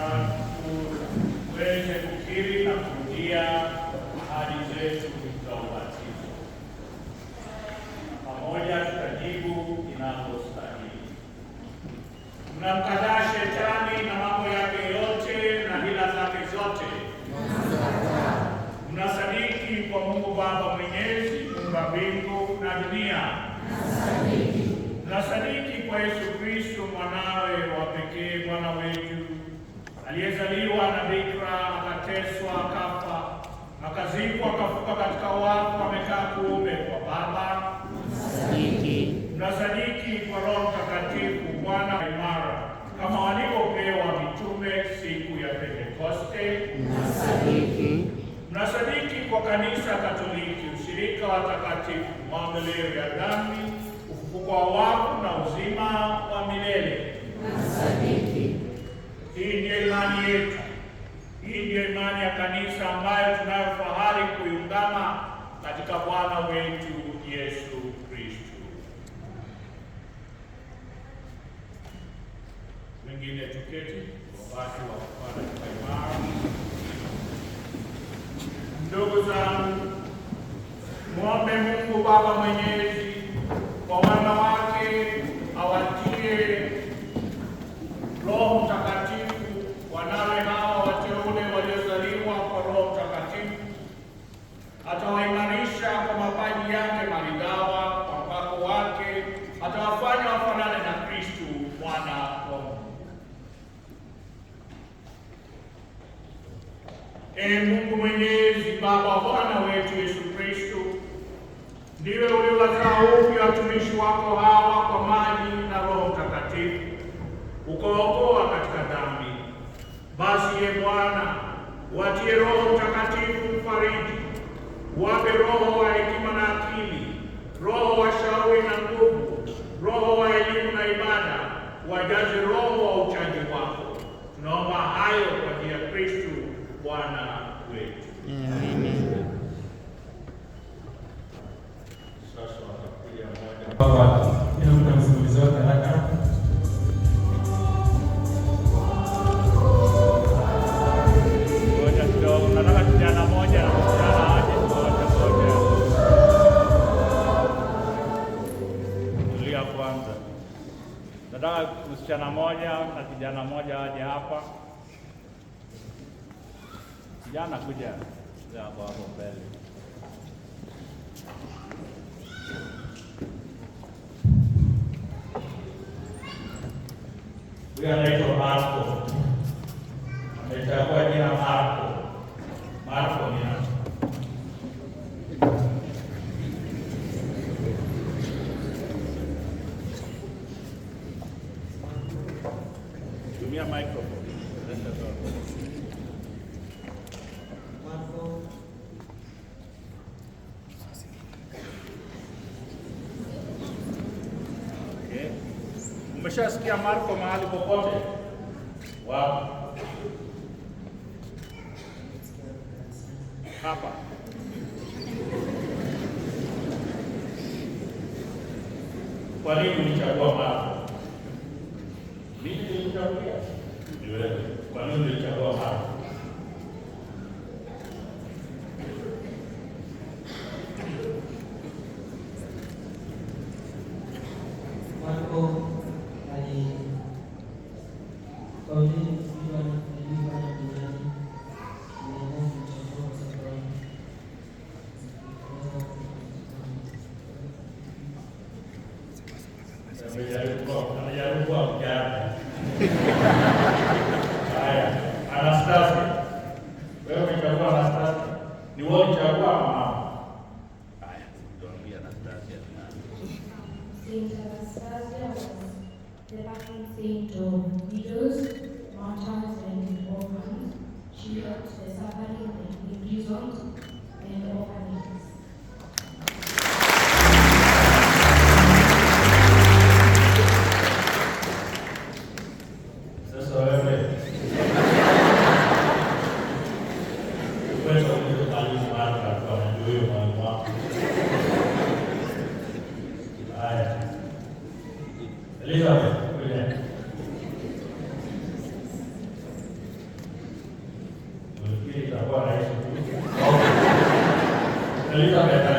na tuweze kukiri na kurudia ahadi zetu za ubatizo. Pamoja tutajibu inavyostahili. Mnamkataa shetani na mambo yake yote na hila zake zote. Mnasadiki kwa Mungu Baba Mwenyezi, muumba mbingu na dunia. Mnasadiki kwa Yesu Kristo mwanawe wa pekee, Bwana wetu aliyezaliwa na bikira, akateswa, akafa, akazikwa, akafuka katika wafu, amekaa kuume kwa Baba. Mnasadiki kwa Roho Mtakatifu, Bwana imara, kama walivyopewa mitume siku ya Pentekoste. Mnasadiki kwa Kanisa Katoliki, ushirika wa takatifu, maondoleo ya dhambi, ufufuko wa wafu na uzima wa milele. Hii ndiyo imani yetu, hii ndiyo imani ya kanisa ambayo tunayo fahari kuiungama katika Bwana wetu Yesu Kristo. Wengine tuketi wakati wa kufanya imara. Ndugu zangu, mwombe Mungu Baba Mwenyezi kwa wana wake Tupe Roho Mtakatifu mfariji, wape roho wa hekima na akili, roho wa shauri na nguvu, roho wa elimu na ibada, wajaze roho wa uchaji wako. Tunaomba hayo kwa njia ya Bwana wetu. Amen. Sasa Jana kuja hapo hapo mbele. Huyu anaitwa Marko, amechagua jina Marko. Marko ni Marko mahali popote? Wapo hapa Kwa nini ulichagua Marko? Mimi nilichagua. Ni wewe. Kwa nini ulichagua Marko? Oh from St. John. Widows, martyrs, and orphans, she helps the suffering and imprisoned and orphans. Amém.